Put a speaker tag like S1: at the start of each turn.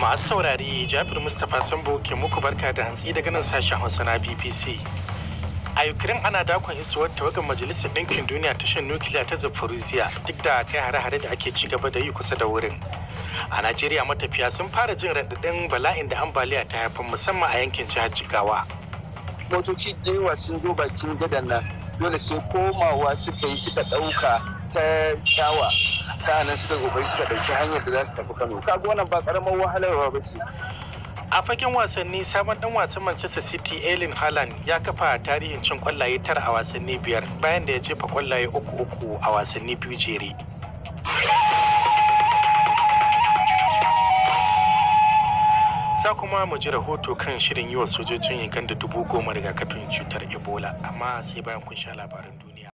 S1: masu saurari jabir mustapha sambo ke muku barka da hantsi daga nan sashen hausa na bbc a ukraine ana dakon isuwar tawagar majalisar ɗinkin duniya tashar nukiliya ta zaporizhia duk da kai hare-hare da ake ci gaba da yi kusa da wurin a najeriya matafiya sun fara jin raɗaɗin bala'in da ambaliya ta haifar musamman a yankin jihar jigawa
S2: motoci da yawa sun zo bakin gadan nan dole sai komawa suka yi suka ɗauka ta dawa sa'annan suka kokari suka ɗauki hanyar da za su tafi Kano kaga wannan ba
S1: karamar wahalarwa ba ce a fagen wasanni sabon dan wasan manchester city elin haaland ya kafa tarihin cin kwallaye tara a wasanni biyar bayan da ya jefa kwallaye uku uku a wasanni biyu jere za kuma mu ji rahoto kan shirin yi wa sojojin uganda dubu goma rigakafin cutar ebola amma sai bayan kun sha labaran duniya